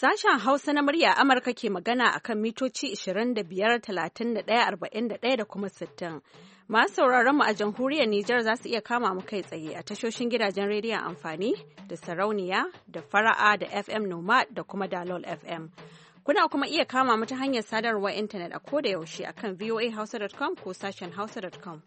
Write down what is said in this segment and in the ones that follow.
Sashen Hausa na murya Amurka ke magana a kan mitoci 25,31,41 da kuma 60. Masu sauraron mu a jamhuriyar Nijar za su iya kama mu kai tsaye a tashoshin gidajen rediyon amfani da sarauniya da fara'a da FM nomad da kuma Dalol FM. Kuna kuma iya kama mu ta hanyar sadarwar intanet a koda yaushe kan voahausa.com ko sashen hausa.com.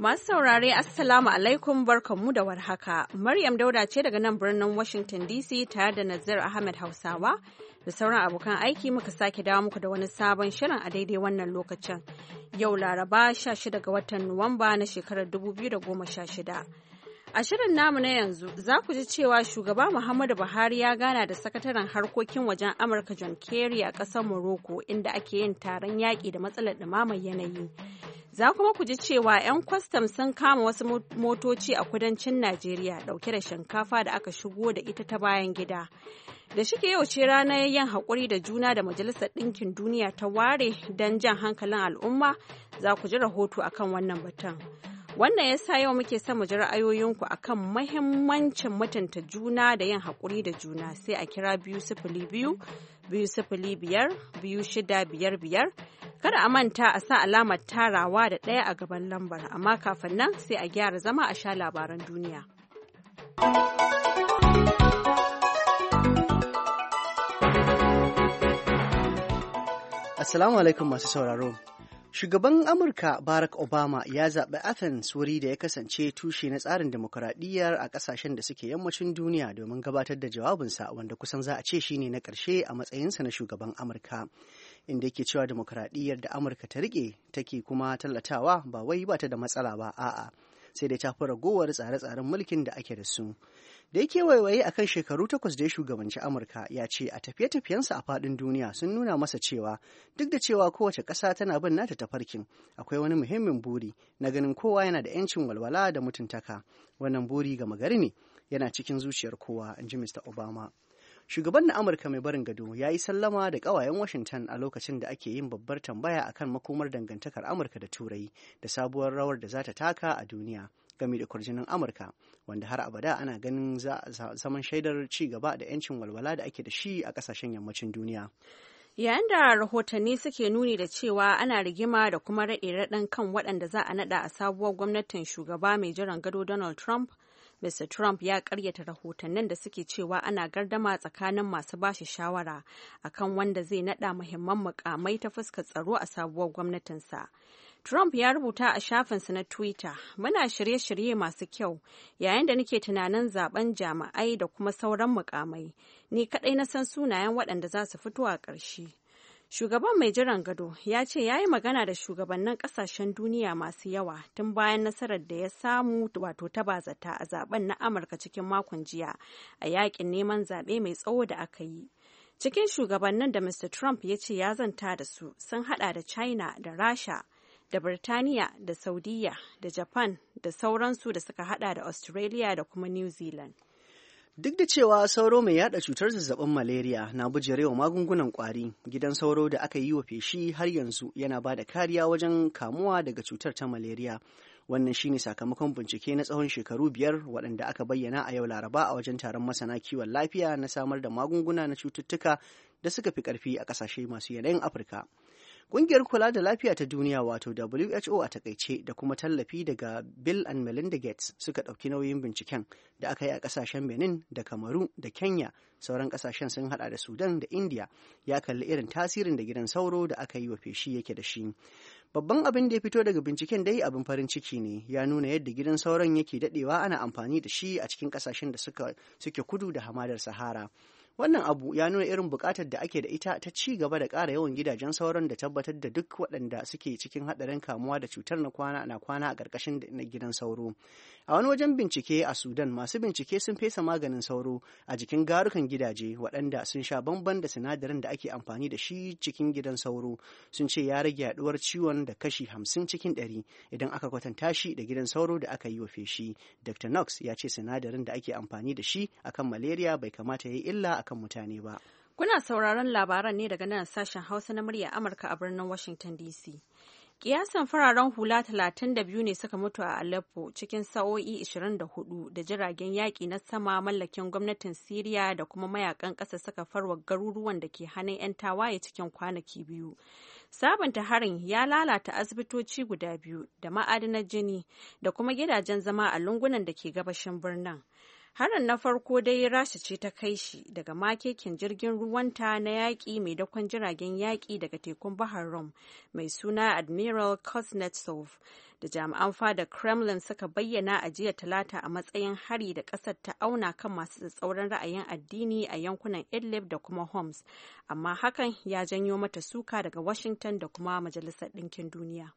Masu saurare Assalamu alaikum barkanmu da warhaka. Maryam Dauda ce daga nan birnin Washington DC tare da Nazir Ahmed Hausawa da sauran abokan aiki muka sake dawo muku da wani sabon shirin a daidai wannan lokacin. Yau Laraba 16 ga watan Nuwamba na shekarar 2016. A shirin namu na yanzu za ku ji cewa shugaba Muhammadu Buhari ya gana da sakataren harkokin wajen Amurka John Kerry a ƙasar Morocco inda ake yin taron yaƙi da matsalar ɗumamar yanayi. Za kuma ku ji cewa 'yan kwastam sun kama wasu motoci a kudancin Najeriya dauke da shinkafa da aka shigo da ita ta bayan gida. Da shike yau ce ranar yin haƙuri da juna da Majalisar Ɗinkin Duniya ta ware don jan hankalin al'umma za ku ji rahoto akan wannan batun. Wannan ya sa yau muke son mu ji ra'ayoyinku akan mahimmancin mutunta juna da yin haƙuri da juna sai a kira biyu sifili biyu biyu sifili biyar biyu shida biyar kada a manta a sa alamar tarawa da ɗaya a gaban lambar amma kafin nan sai a gyara zama a sha labaran duniya. Assalamu alaikum masu sauraro. Shugaban Amurka Barack Obama ya zaɓi Athens wuri da ya kasance tushe na tsarin demokuraɗiyyar a ƙasashen da suke yammacin duniya domin gabatar da jawabinsa wanda kusan za a ce shi ne na ƙarshe a matsayinsa na shugaban Amurka. Inda yake cewa demokuraɗiyyar da Amurka ta riƙe take kuma tallatawa ba wai ba ta da matsala ba a'a. sai dai ta fi ragowar tsare-tsaren mulkin da ake da su da yake waiwaye kan shekaru takwas da ya shugabanci amurka ya ce a tafiye-tafiyensa a faɗin duniya sun nuna masa cewa duk da cewa kowace ƙasa tana bin nata tafarkin akwai wani muhimmin buri na ganin kowa yana da 'yancin walwala da mutuntaka wannan buri gama gari ne yana cikin zuciyar kowa in ji mr obama Shugaban na Amurka mai barin gado ya yi sallama da ƙawayen Washington a lokacin da ake yin babbar tambaya akan makomar dangantakar Amurka da Turai da sabuwar rawar da za ta taka a duniya game da kurjinin Amurka wanda har abada ana ganin zaman shaidar ci gaba da 'yancin walwala da ake da shi a kasashen yammacin duniya. yayin da rahotanni suke nuni da cewa ana rigima da kuma raɗe-raɗen kan waɗanda za a naɗa a sabuwar gwamnatin shugaba mai jiran gado donald trump Mr. Trump ya karyata rahotannin da suke cewa ana gardama tsakanin masu bashi shawara a kan wanda zai naɗa muhimman mukamai ta fuskar tsaro a sabuwar gwamnatinsa. Trump ya rubuta a shafinsa na Twitter, "Muna shirye-shirye masu kyau yayin da nake tunanin zaben jami'ai da kuma sauran mukamai. Ni kaɗai na san sunayen waɗanda za su fito a ƙarshe. Shugaban mai jiran gado ya ce ya yi magana da shugabannin kasashen duniya masu yawa tun bayan nasarar da ya samu wato ta bazata a zaben na Amurka cikin makon jiya a yakin neman zaɓe mai tsawo da aka yi. Cikin shugabannin da Mr. Trump ya ce ya zanta da su sun hada da China da Rasha da Birtaniya da Saudiya da Japan da sauransu da suka hada da Australia da kuma New Zealand. Duk da cewa sauro mai yada cutar zazzabin malaria na bujirewa magungunan kwari, gidan sauro da aka yi wa feshi har yanzu yana ba da kariya wajen kamuwa daga cutar ta malaria. Wannan shine sakamakon bincike na tsawon shekaru biyar waɗanda aka bayyana a yau Laraba a wajen taron masana kiwon lafiya na samar da magunguna na cututtuka da suka fi ƙarfi a ƙasashe masu yanayin Afirka. Ƙungiyar kula da lafiya ta duniya wato WHO a takaice da kuma tallafi daga Bill and Melinda Gates suka ɗauki nauyin binciken da aka yi a ƙasashen Benin da Kamaru da Kenya sauran ƙasashen sun hada da Sudan da India ya kalli irin tasirin da gidan sauro da aka yi wa feshi yake da shi. Babban abin da ya fito daga binciken dai abin farin ciki ne ya nuna yadda gidan sauron yake dadewa ana amfani da shi a cikin ƙasashen da suke kudu da hamadar Sahara. Wannan abu ya nuna irin buƙatar da ake da ita ta ci gaba da ƙara yawan gidajen sauran da tabbatar da duk waɗanda suke cikin haɗarin kamuwa da cutar na kwana na kwana a ƙarƙashin gidan sauro. A wani wajen bincike a Sudan masu bincike sun fesa maganin sauro a jikin garukan gidaje waɗanda sun sha bamban da sinadarin da ake amfani da shi cikin gidan sauro sun ce ya rage yaɗuwar ciwon da kashi hamsin cikin ɗari idan aka kwatanta shi da gidan sauro da aka yi wa feshi. Dr. Knox ya ce sinadarin da ake amfani da shi akan malaria bai kamata ya yi illa kan mutane ba. Kuna sauraron labaran ne daga nan sashen Hausa na murya Amurka a birnin Washington DC. Kiyasan fararen hula 32 ne suka mutu a Aleppo cikin sa'o'i 24 da jiragen yaƙi na sama mallakin gwamnatin Siriya da kuma mayakan ƙasa suka farwa garuruwan da ke hannun 'yan tawaye cikin kwanaki biyu. Sabunta harin ya lalata asibitoci guda biyu da ma'adinan jini da kuma gidajen zama a lungunan da ke gabashin birnin. Harin na farko dai Rasha ce ta kai shi daga makekin jirgin ruwanta na yaƙi mai dakon jiragen yaƙi daga tekun Bahar rom mai suna Admiral Kuznetsov da jami'an fada Kremlin suka bayyana a jiya talata a matsayin hari da ƙasar ta auna kan masu tsauran ra'ayin addini a yankunan Idlib da kuma Homs, amma hakan ya janyo mata suka daga Washington da kuma Majalisar Ɗinkin Duniya.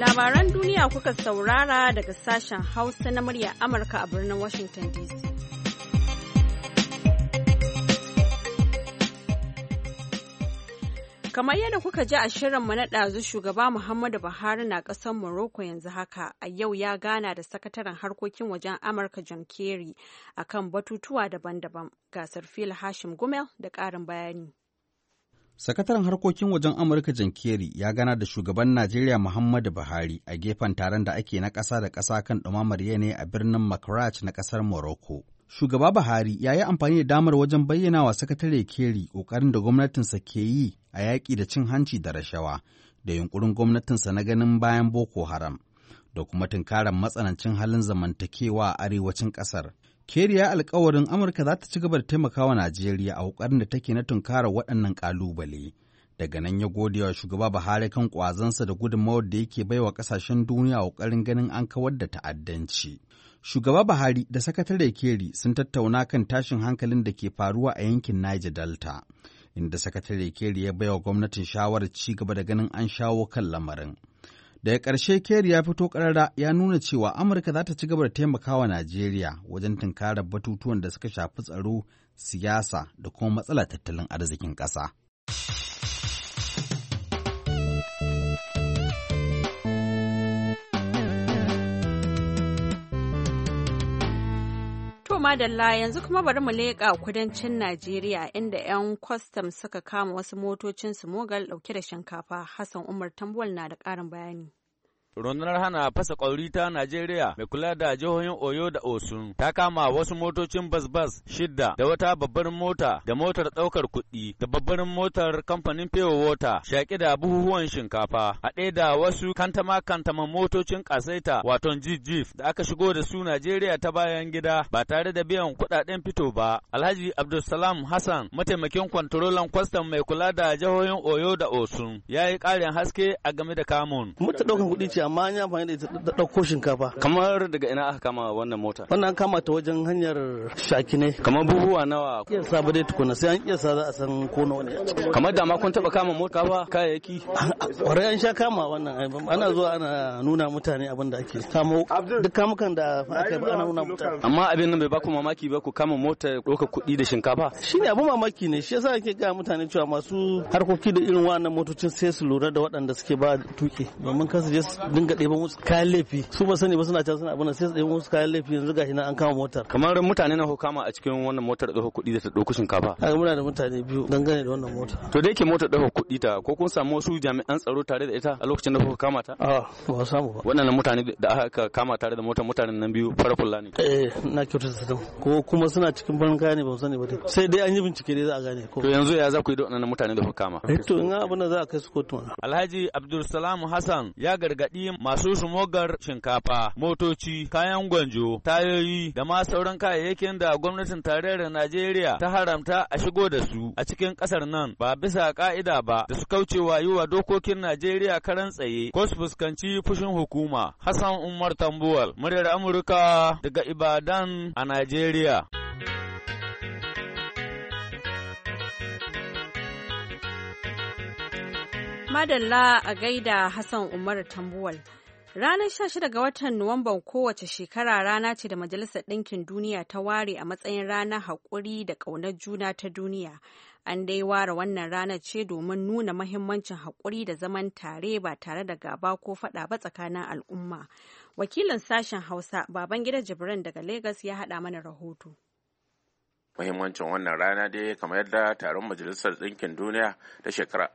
Labaran duniya kuka saurara daga sashen Hausa na murya Amurka a birnin Washington DC. Kamar yadda kuka ji a shirinmu na ɗazu shugaba Muhammadu Buhari na ƙasar Morocco yanzu haka a yau ya gana da sakataren harkokin wajen Amurka John Kerry kan batutuwa daban-daban gasar fil Hashim Gumel da ƙarin bayani. Sakataren harkokin wajen Amurka John Kerry ya gana da shugaban Najeriya Muhammadu Buhari a gefen taron da ake na ƙasa da ƙasa kan ɗumamar yanayi a birnin Makarach na ƙasar Morocco. Shugaba Buhari ya yi amfani da damar wajen bayyana wa sakatare Kerry ƙoƙarin da gwamnatinsa ke yi a yaƙi da cin hanci da rashawa da yunƙurin gwamnatinsa na ganin bayan Boko Haram da kuma tunkarar matsanancin halin zamantakewa a arewacin ƙasar. Keriya alkawarin Amurka za ta ci gaba da taimakawa Najeriya a ƙoƙarin da take na tunkara waɗannan ƙalubale. Daga nan ya gode wa shugaba Buhari kan ƙwazansa da gudunmawar da yake bai wa ƙasashen duniya a ƙoƙarin ganin an kawar da ta'addanci. Shugaba Buhari da sakatare Keri sun tattauna kan tashin hankalin da ke faruwa a yankin Niger Delta, inda sakatare Keri ya baiwa gwamnatin shawarar ci gaba da ganin an shawo kan lamarin. Daga ƙarshe Kerry ya fito ƙarara ya nuna cewa Amurka za ta ci gaba da taimakawa Najeriya wajen tunkarar batutuwan da suka shafi tsaro, siyasa da kuma matsalar tattalin arzikin ƙasa. madalla yanzu kuma bari mu leƙa kudancin Najeriya inda 'yan kwastam suka kama wasu motocin su mogal ɗauke da shinkafa. Hassan Umar Tambol na da ƙarin bayani. Rundunar hana fasa ƙwauri ta Najeriya mai kula da jihohin Oyo da Osun ta kama wasu motocin bas-bas shidda da wata babbar mota da motar ɗaukar kuɗi da babbar motar kamfanin Pure Water shaƙi da buhuhuwan shinkafa haɗe da wasu kantama kantama motocin ƙasaita waton jijif da aka shigo da su Najeriya ta bayan gida ba tare da biyan kuɗaɗen fito ba. Alhaji Abdulsalam Hassan mataimakin kwantarolan kwastam mai kula da jihohin Oyo da Osun ya yi ƙarin haske a game da kamun. Mota ɗaukar kuɗi ce amma an yi amfani da ita da ɗauko shinkafa kamar daga ina aka kama wannan mota wannan kama ta wajen hanyar shaki ne kamar buhuwa nawa kiyasa ba dai tukuna sai an sa za a san ko nawa ne kamar dama kun taba kama mota ba kayayyaki kwarai an sha kama wannan ana zuwa ana nuna mutane abin da ake kamo duk kamukan da aka yi ana nuna mutane amma abin nan bai ba ku mamaki ba ku kama mota ɗauka kuɗi da shinkafa ne abin mamaki ne shi yasa ake gaya mutane cewa masu harkoki da irin wannan motocin sai su lura da waɗanda suke ba tuki domin kan su je dinga ɗebo musu kayan laifi su ba sani ba suna can suna abin sai su ɗebo musu kayan laifi yanzu gashi na an kama motar kamar mutane na hukama a cikin wannan motar ɗaukar kuɗi da ta ɗauki shinkafa a muna da mutane biyu dangane da wannan mota to da yake motar ɗaukar kuɗi ta ko kun samu wasu jami'an tsaro tare da ita a lokacin da kuka kama ta a ba samu ba wannan mutane da aka kama tare da motar mutanen nan biyu fara fulla ne eh na kyautata ta ko kuma suna cikin farin kaya ne ba sani ba sai dai an yi bincike dai za a gane ko to yanzu ya za ku yi da wannan mutane da kuka kama eh, to in abin da za a kai su kotu alhaji abdulsalam hassan ya gargadi kuɗi masu sumogar shinkafa, motoci, kayan gwanjo, tayoyi da ma sauran kayayyakin da gwamnatin tarayyar Najeriya ta haramta a shigo da su a cikin ƙasar nan ba bisa ƙa'ida ba da su kaucewa yi wa dokokin Najeriya karan tsaye ko su fuskanci fushin hukuma. Hassan Umar Tambuwal, muryar Amurka daga Ibadan a Najeriya. Madalla a gaida Hassan Umar Tambuwal. Ranar 16 ga watan Nuwamban kowace shekara rana ce da Majalisar Ɗinkin Duniya ta ware a matsayin ranar haƙuri da ƙaunar juna ta duniya. An dai ware wannan ranar ce domin nuna mahimmancin haƙuri da zaman tare ba tare da gaba ko faɗa ba tsakanin al'umma. Wakilin sashen Hausa, Babangida Jibran daga Legas ya haɗa mana rahoto. muhimmancin wannan rana dai kamar yadda taron majalisar ɗinkin duniya ta shekarar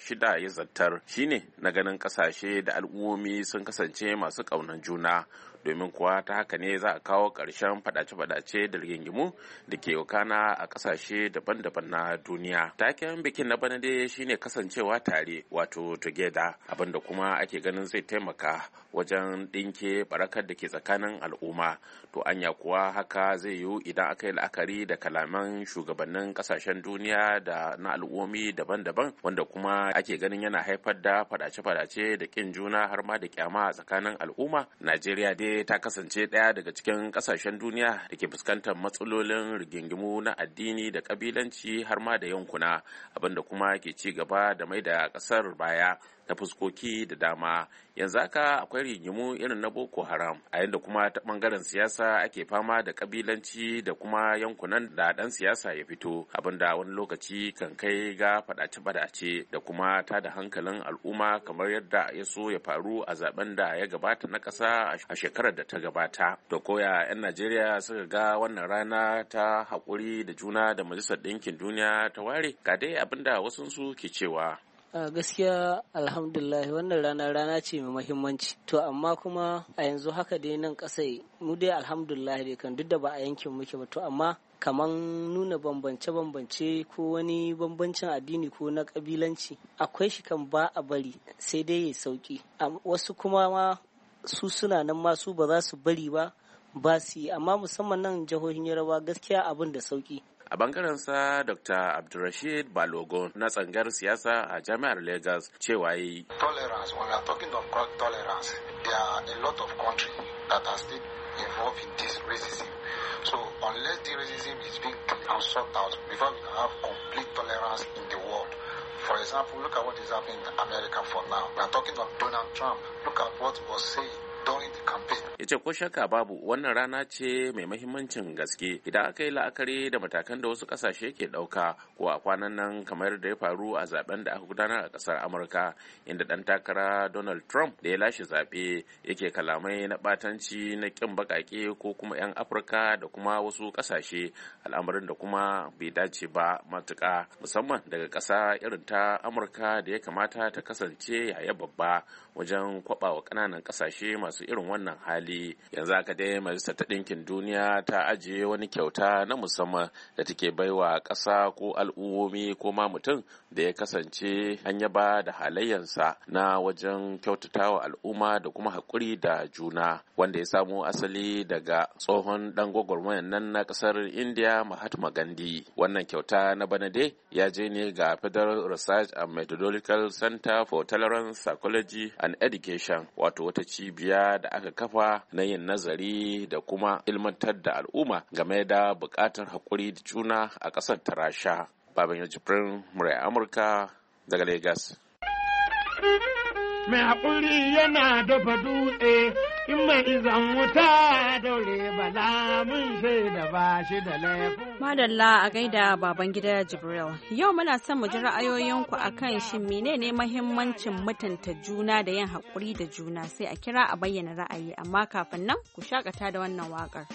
shida ya zartar shine na ganin ƙasashe da al'ummomi sun kasance masu ƙaunar juna domin kuwa ta haka ne za a kawo ƙarshen faɗace-faɗace da rigingimu da ke wakana a ƙasashe daban-daban na duniya. Taken bikin na bana dai shine kasancewa tare wato together abinda kuma ake ganin zai taimaka wajen ɗinke barakar da ke tsakanin al'umma. To anya kuwa haka zai yiwu idan aka yi la'akari da kalaman shugabannin ƙasashen duniya da na al'ummi daban-daban wanda kuma ake ganin yana haifar da faɗace fadace da ƙin juna har ma da kyama a tsakanin al'umma. Najeriya dai ta kasance ɗaya daga cikin ƙasashen duniya da ke fuskantar matsalolin rigingimu na addini da ƙabilanci har ma da yankuna abinda kuma ke ci gaba da mai da ƙasar baya Na fuskoki da dama yanzu haka akwai rigimu irin na boko haram a yadda kuma ta bangaren siyasa ake fama da kabilanci da kuma yankunan da dan siyasa ya fito abinda wani lokaci kan kai ga fadace-fadace da kuma ta da hankalin al'umma kamar yadda ya so ya faru a zaben da ya gabata na ƙasa a shekarar da ta gabata da koya 'yan najeriya suka ga wannan rana ta haƙuri da juna da majalisar ɗinkin duniya ta ware ga dai abinda wasu ke cewa gaskiya alhamdulillah wannan rana rana ce mai mahimmanci to amma kuma a yanzu haka dai nan kasai mu dai alhamdulillah dai kan duk da ba a yankin muke ba to amma kaman nuna bambance-bambance ko wani bambancin addini ko na kabilanci akwai shi kan ba a bari sai dai ya sauki wasu kuma ma su suna nan ma su ba za su bari ba ba su yi amma musamman nan jihohin yarawa gaskiya abin da sauki a dr Abdurashid balogo na tsangar siyasa a jami'ar lagos cewa yi tolerance when we are talking of tolerance there are a lot of country that are still involved in this racism so unless the racism is being and sorted out before we can have complete tolerance in the world for example look at what is happening in america for now we are talking of donald trump look at what was saying. ya ce ko shakka babu wannan rana ce mai mahimmancin gaske idan aka yi la'akari da matakan da wasu kasashe ke ɗauka ko a kwanan nan kamar da ya faru a zaben da aka gudanar a ƙasar amurka inda ɗan takara donald trump da ya lashe zaɓe yake kalamai na ɓatanci na ƙin baƙaƙe ko kuma 'yan afirka da kuma wasu ƙasashe al'amarin da kuma bai dace ba matuƙa musamman daga ƙasa irin ta amurka da ya kamata ta kasance yaya babba wajen kwaɓawa ƙananan ƙasashe masu masu irin wannan hali yanzu haka dai majalisar ta ɗinkin duniya ta ajiye wani kyauta na musamman da take baiwa ƙasa ko al'ummomi ko ma mutum da ya kasance an yaba da halayyarsa, na wajen kyautatawa al'umma da kuma haƙuri da juna wanda ya samo asali daga tsohon ɗan gwagwarmayan nan na ƙasar india mahatma gandhi wannan kyauta na bana dai ya je ne ga federal research and methodological center for tolerance psychology and education wato wata cibiya da aka kafa na yin nazari da kuma ilmantar da al'umma game da bukatar haƙuri da juna a ƙasar ta rasha baban jibrin murai amurka daga lagos mai haƙuri yana dafa dutse in mai izan wuta daure bala mun da ba shi da laifin. Madalla a gaida baban gida Jibril. Yau muna son mu ji ra'ayoyinku akan shi menene mahimmancin mutunta juna da yin haƙuri da juna sai a kira a bayyana ra'ayi amma kafin nan ku shakata da wannan waƙar.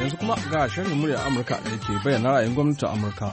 yanzu kuma ga shirin murya amurka da ke bayyana ra'ayin gwamnatin amurka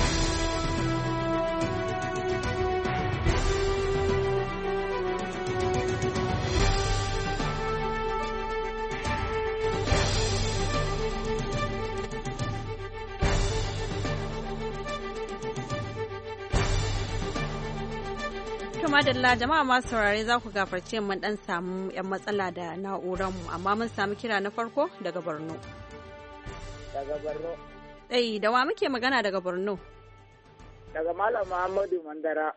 madalla jama'a masu saurare za ku gafarce mun dan samu yan matsala da na'urar mu amma mun samu kira na farko daga Borno. Daga Borno. Eh da wa muke magana daga Borno? Daga Malam Muhammadu Mandara.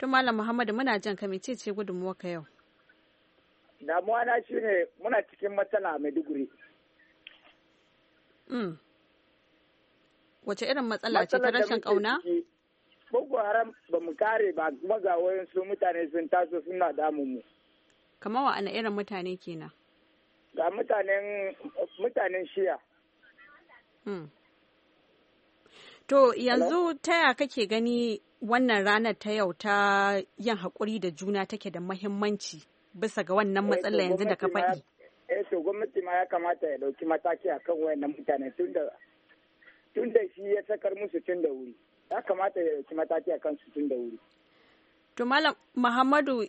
To Malam Muhammadu muna jan ka mece ce gudunmuwa ka yau? Damuwa na shine muna cikin matsala a Maiduguri. Mm. Wace irin matsala ce ta rashin kauna? boko haram ba mu kare ba kuma ga wayansu mutane sun taso suna damun mu kamar wa ana irin mutane kenan ga mutanen mutanen shiya hmm. to yanzu ta ya kake gani wannan ranar ta yau ta yin haƙuri da juna take da mahimmanci bisa ga wannan eh, matsala yanzu da ka faɗi eh to gwamnati ma ya kamata ya ɗauki mataki akan wayannan mutane tun da shi ya sakar musu tun da wuri ya kamata ya ci mataki a kansu tun da wuri. To Muhammadu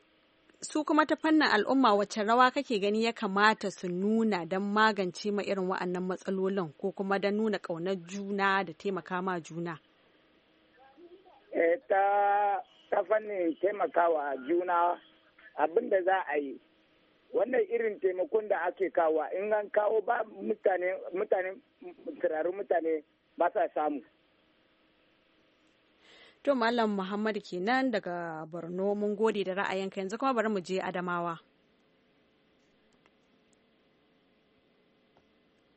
su kuma ta fannin al'umma wacce rawa kake gani ya kamata su nuna don magance ma irin wa'annan matsalolin ko kuma don nuna ƙaunar juna da taimaka ma juna? Eh, ta ta fannin taimakawa juna abin da za a yi wannan irin taimakon da ake kawo, in an kawo ba mutane mutane mutane ba sa samu To Malam Muhammad kenan daga Borno mun gode da ra'ayinka yanzu kuma bari mu je Adamawa.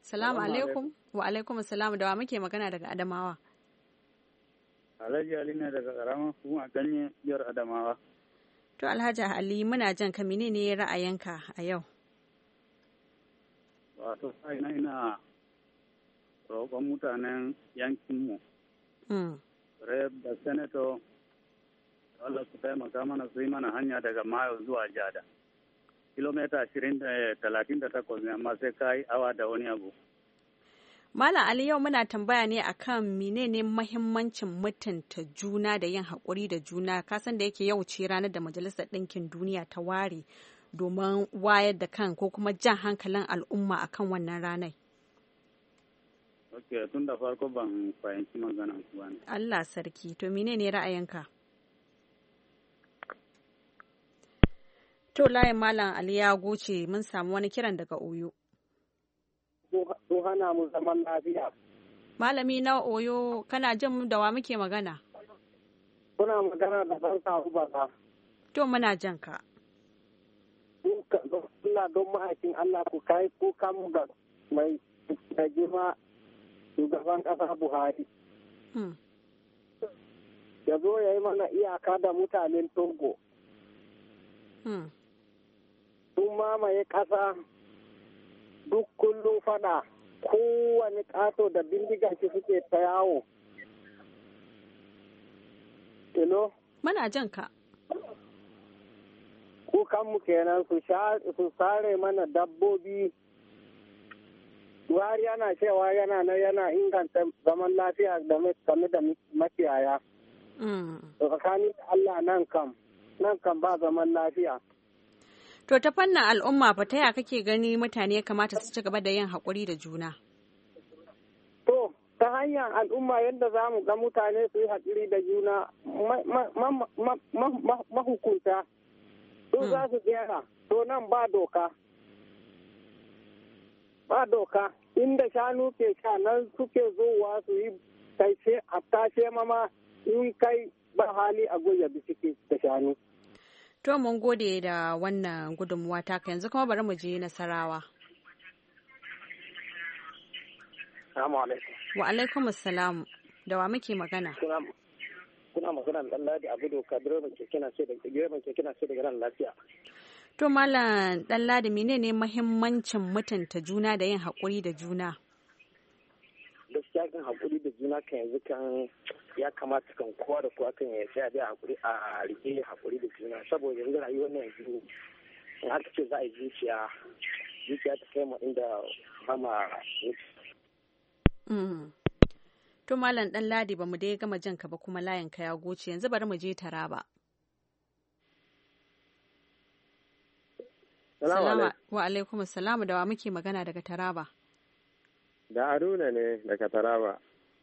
Salamu alaikum. Wa alaikum salamu da wa muke magana daga Adamawa. Alhaji Ali ne daga karamar a ganye biyar Adamawa. To Alhaji Ali muna jan ka ne ra'ayinka a yau. Wato ina ina roƙon mutanen yankinmu. Mm. rep da senator su taimaka mana su yi mana hanya daga mayo zuwa jada kilomita ashirin da eh, ne amma sai ka awa da wani abu Malam Ali yau muna tambaya ne akan menene mahimmancin mutunta juna da yin haƙuri da juna kasan da yake yau ce ranar da Majalisar Ɗinkin Duniya ta ware domin wayar da kan ko kuma jan hankalin al'umma akan wannan ranar. Ok, tun da farko ban fahimci maganan ku ne. Allah sarki, to mine ne ra'ayinka? To layin Malam Ali ya goce mun samu wani kiran daga Oyo. Su hana mu zaman lafiya. Malami na Oyo, kana jin da wa muke magana? Kuna magana da ban samu ba To muna jan ka. Allah don mahaifin Allah ku kai kukan ga mai girma shugaban ƙasa buhari hmm. ya zo ya yi mana iyaka da mutanen togo hmm. sun mamaye ƙasa duk kullum fada kowane ƙato da bindiga shi suke ta yawo ilo mana jan kukanmu kenan su sare mana dabbobi buhari yana cewa yana na yana inganta zaman lafiya game da makiyaya mm. tsakanin allah nan kam nan kam ba zaman lafiya to ta fannin al'umma fa ta ya kake gani mutane ya kamata su ci gaba da yin haƙuri da juna to ta hanyar al'umma yadda za mu ga mutane su yi haƙuri da juna mahukunta su mm. za su jera to nan ba doka ba doka inda shanu ke sha nan suke zuwa su yi kai sai hatta mama in kai ba hali a goya bisiki da shanu. To mun gode da wannan gudunmuwa taka yanzu kuma bari mu je nasarawa. Wa alaikum salam Da wa muke magana? Kuna magana da Allah da Abudu Kadir ban keke na ce da nan lafiya. To Malam Ɗanladi menene mahimmancin mutunta juna da yin haƙuri da juna? Gaskiya kan haƙuri da juna kan yanzu kan ya kamata kan kowa da kowa kan ya tsaya da haƙuri a rike haƙuri da juna saboda yanzu rayuwar na yanzu in aka ce za a yi zuciya zuciya ta kai ma inda ba ma mm. To Malam Ɗanladi ba mu dai gama jan ka ba kuma layin ka ya goce yanzu bari mu je Taraba. wa alaikum salamu da wa muke magana daga Taraba. Da Aruna ne daga Taraba.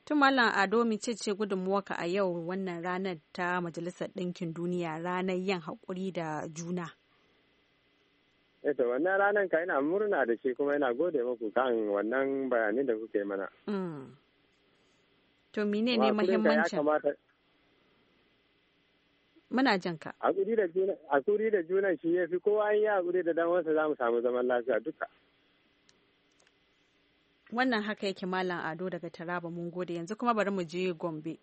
Tun Mallam Ado ce ce gudunmuwarka a yau wannan ranar ta Majalisar Ɗinkin Duniya ranar yin haƙuri da juna. Eto eh wannan ranar ka ina murna da shi kuma ina gode muku kan wannan bayanin da kuke mana. Mm. To mine ne mahimmancin? muna jin ka. Hakuri da juna shi ya fi kowa an yi hakuri da dan wasu za mu samu zaman lafiya duka. Wannan haka yake Malam Ado daga Taraba mun gode yanzu kuma bari mu je Gombe.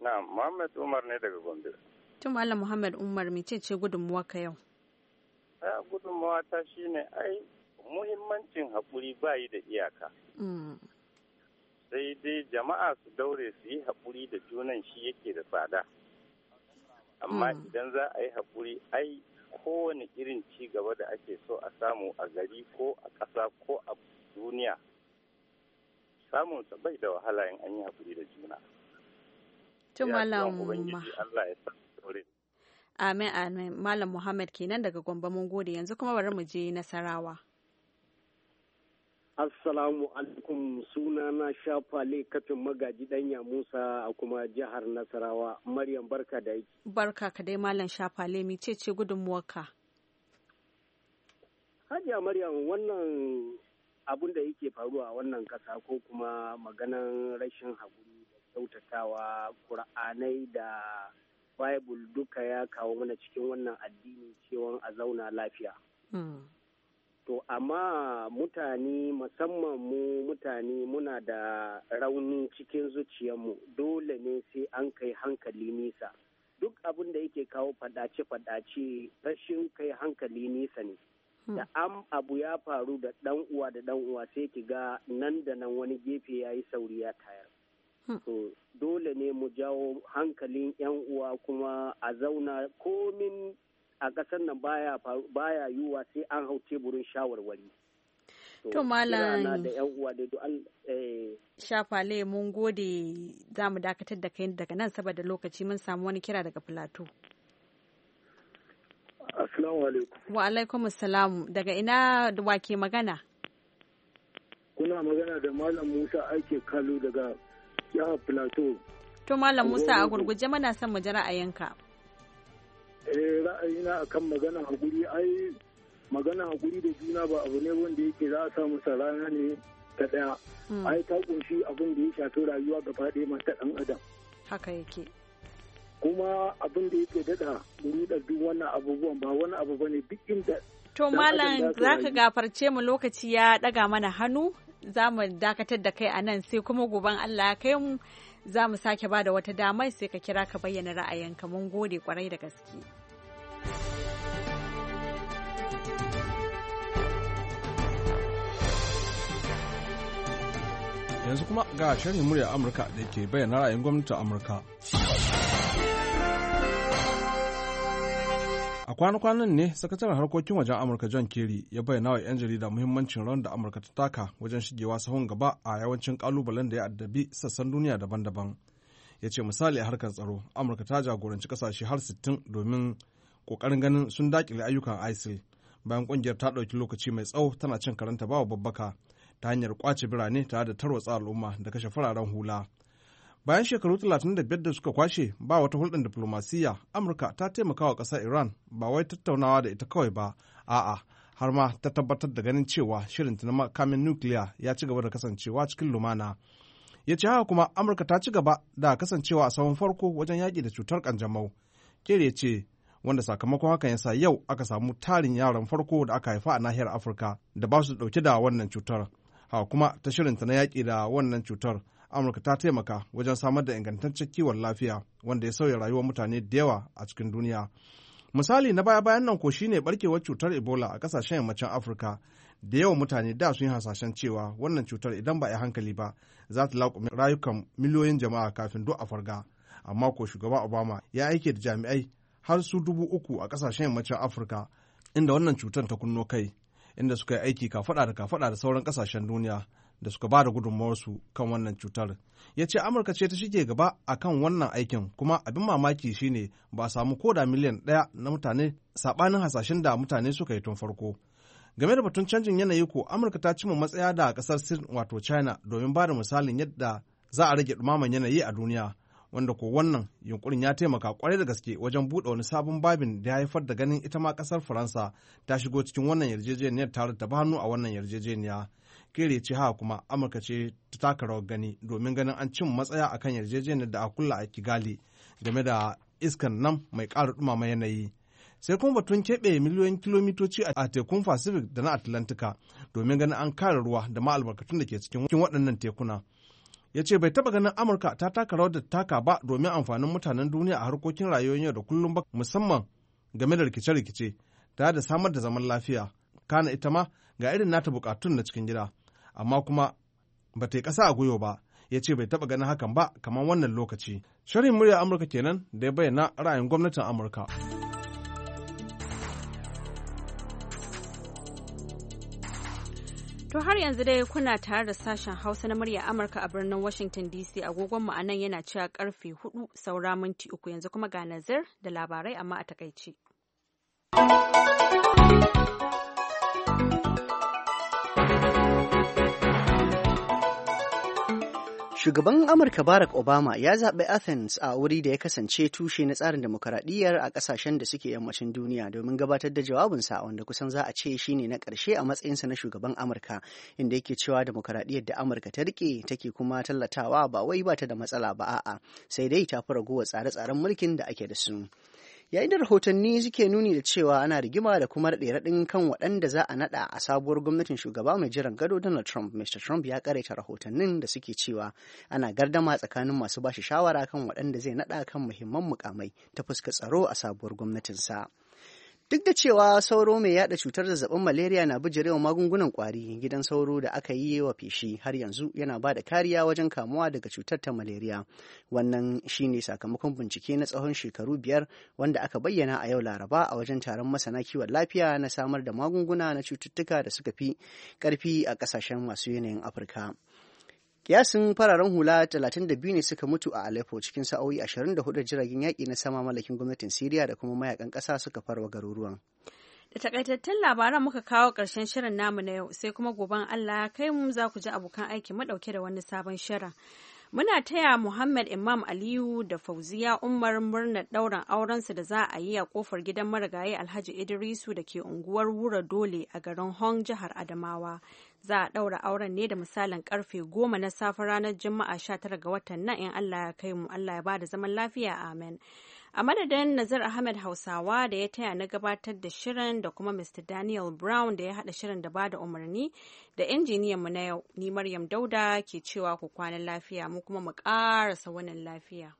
Na Muhammad Umar ne daga Gombe. Tun Malam Muhammad Umar mai ce gudunmuwa ka yau? Ya gudunmuwa ta shine ai muhimmancin hakuri bayi da iyaka. Mm. sai dai jama'a su daure su yi haƙuri da junan shi yake da tsada amma hmm. idan za a yi haƙuri ai kowane irin ci gaba da ake so a samu a gari ko a ƙasa ko a duniya samun sa bai da wahala in an yi haƙuri da juna Amin amin Malam Muhammad kenan daga Gombe mun gode yanzu kuma bari mu je Nasarawa. Assalamu alaikum sunana shafale kafin magaji danya Musa a kuma jihar Nasarawa. Maryam barka da yake. Barka ka dai Malam shafale mice ce gudunmuwarka. Hajiya Maryam wannan abun da yake faruwa a wannan kasa ko kuma maganan rashin haƙuri da kyautatawa kur'anai da Bible duka ya kawo mana cikin wannan addini cewa a zauna lafiya. Mm. to amma mutane musamman mu mutane muna da rauni cikin zuciyarmu dole ne sai an kai hankali nisa duk abin da yake kawo fadace-fadace rashin kai hankali nisa ne da hmm. am abu ya faru da dan uwa da dan uwa sai ki ga nan da nan wani gefe ya yi sauri ya tayar hmm. to dole ne mu jawo hankalin yan uwa kuma a zauna komin a ƙasar nan baya baya yiwuwa sai an hau teburin shawarwari to malam da yan eh, shafale mun gode za mu dakatar da kai daga nan saboda lokaci mun samu wani kira daga plateau Assalamu alaikum. Wa alaikum assalam. Daga ina da wake magana? Kuna magana da Malam Musa ake kalu daga ya Plateau. To Malam Musa a gurguje mana son mu ji ra'ayinka. eh ra'ayina akan magana haƙuri ai magana haƙuri da juna ba abu ne wanda yake za a sa masa rana ne ta daya hmm. ai ta ƙunshi abin da ya shafi rayuwa gaba ɗaya mata ɗan adam haka yake kuma abin da yake daɗa rudar duk wannan abubuwan ba wani abu bane duk inda to malam za ka gafarce mu lokaci ya ɗaga mana hannu za mu dakatar da kai a nan sai kuma goban Allah kai mu za mu sake ba da wata damar sai ka kira ka bayyana ra'ayinka mun gode kwarai da gaske. yanzu kuma ga shirin murya amurka da ke bayyana ra'ayin gwamnatin amurka a kwanakwanan ne sakataren harkokin wajen amurka john kerry ya bayyana wa 'yan jarida muhimmancin ran da amurka ta taka wajen shigewa sahun gaba a yawancin kalubalen da ya addabi sassan duniya daban-daban ya ce misali a harkar tsaro amurka ta jagoranci kasashe har 60 domin kokarin ganin sun dakile ayyukan isil bayan kungiyar ta ɗauki lokaci mai tsawo tana cin karanta bawa babbaka ta hanyar kwace birane tare da tarwatsa al'umma da kashe fararen hula bayan shekaru 35 da suka kwashe ba wata hulɗar diflomasiyya amurka ta taimakawa ƙasar iran ba wai tattaunawa da ita kawai ba a'a har ma ta tabbatar da ganin cewa shirin na makamin nukiliya ya ci gaba da kasancewa cikin lumana ya ce haka kuma amurka ta ci gaba da kasancewa a sahun farko wajen yaƙi da cutar ƙanjamau kere ya ce wanda sakamakon hakan ya sa yau aka samu tarin yaran farko da aka haifa a nahiyar afirka da ba su dauke da wannan cutar ha kuma ta shirinta na yaƙi da wannan cutar Amurka ta taimaka wajen samar da ingantaccen kiwon lafiya wanda ya sauya rayuwar mutane da yawa a cikin duniya. Misali na baya-bayan nan ko shine barkewar cutar Ebola a kasashen yammacin Afirka da yawan mutane da sun yi hasashen cewa wannan cutar idan ba a hankali ba za ta laƙume rayukan miliyoyin jama'a kafin duk a farga. Amma ko shugaba Obama ya aike da jami'ai har su dubu uku a ƙasashen yammacin Afirka inda wannan cutar ta kunno kai inda suka yi aiki kafada da kafada da sauran kasashen duniya da suka ba da su kan wannan cutar ya ce amurka ce ta shige gaba a kan wannan aikin kuma abin mamaki shine ba a samu koda miliyan ɗaya na mutane saɓanin hasashen da mutane suka yi tun farko game da batun canjin yanayi ko amurka ta cimma matsaya da kasar sin wato china domin ba da misalin yadda za a rage dumaman yanayi a duniya wanda ko wannan yunkurin ya taimaka kwarai da gaske wajen buɗe wani sabon babin da ya haifar da ganin ita ma ƙasar faransa ta shigo cikin wannan yarjejeniyar tare da hannu a wannan yarjejeniya kere ce haka kuma amurka ce ta taka rawar gani domin ganin an cin matsaya akan yarjejeniyar da a kulla a kigali game da iskan nan mai ƙara ɗumama yanayi sai kuma batun keɓe miliyoyin kilomitoci a tekun pacific da na atlantika domin ganin an kare ruwa da ma da ke cikin waɗannan tekuna ya ce bai taba ganin amurka ta taka rawar da taka ba domin amfanin mutanen duniya a harkokin rayuwar yau da kullum ba musamman game da rikice-rikice tare da samar da zaman lafiya kana ita ma ga irin nata bukatun na cikin gida amma kuma ba ta yi kasa a gwiwa ba ya ce bai taba ganin hakan ba kamar wannan lokaci shirin murya amurka kenan da ya bayyana ra'ayin gwamnatin amurka. To har yanzu dai kuna tare da sashen Hausa na murya Amurka a birnin Washington DC agogon mu anan yana cewa karfe hudu saura minti uku yanzu kuma ga nazar da labarai amma a takaici. Shugaban Amurka Barack Obama ya zaɓi Athens a wuri da ya kasance tushe na tsarin demokuraɗiyyar a ƙasashen da suke yammacin duniya domin gabatar da jawabinsa wanda kusan za a ce shi ne na ƙarshe a matsayinsa na shugaban Amurka inda yake cewa demokuraɗiyyar da Amurka ta riƙe take kuma tallatawa ba wai ba ta da matsala ba a'a sai dai ta fi raguwa tsare-tsaren mulkin da ake da su. yayin da rahotanni suke nuni da cewa ana rigima da kuma raɗe raɗin kan waɗanda za a naɗa a sabuwar gwamnatin shugaba mai jiran gado Donald Trump. Mr. Trump ya karaita rahotannin da suke cewa ana gardama tsakanin masu bashi shawara kan waɗanda zai naɗa kan muhimman mukamai ta fuskar tsaro a sabuwar gwamnatinsa. sa. Duk da cewa sauro mai yada cutar zazzabin malaria na bijirewa magungunan kwari gidan sauro da aka yi wa feshi har yanzu yana ba da kariya wajen kamuwa daga cutar ta malaria. Wannan shine sakamakon bincike na tsawon shekaru biyar wanda aka bayyana a yau Laraba a wajen taron masana kiwon lafiya na samar da magunguna na cututtuka da suka fi karfi a kasashen masu yanayin Afirka. kiyasin fararen hula 32 ne suka mutu a Aleppo cikin sa'o'i 24 jiragen yaƙi na sama mallakin gwamnatin Siriya da kuma mayakan ƙasa suka farwa garuruwan. Da takaitattun labaran muka kawo ƙarshen shirin namu na yau sai kuma goben Allah ya kai mu za ku ji abokan aiki madauke da wani sabon shirin. Muna taya Muhammad Imam Aliyu da Fauziya Umar murnar ɗaurin aurensu da za a yi a kofar gidan marigayi Alhaji Idrisu da ke unguwar Wura Dole a garin Hong jihar Adamawa. Za a ɗaura auren ne da misalin karfe goma na safe ranar Juma'a 19 ga watan nan in Allah ya kai mu Allah ya ba da zaman lafiya amen. a madadin nazar ahmed hausawa da ya taya na gabatar da shirin da kuma mr daniel brown da ya hada shirin da ba da umarni da injiniyan mu na yau ni maryam dauda ke cewa ku kwana lafiya mu kuma mu ƙarasa wannan lafiya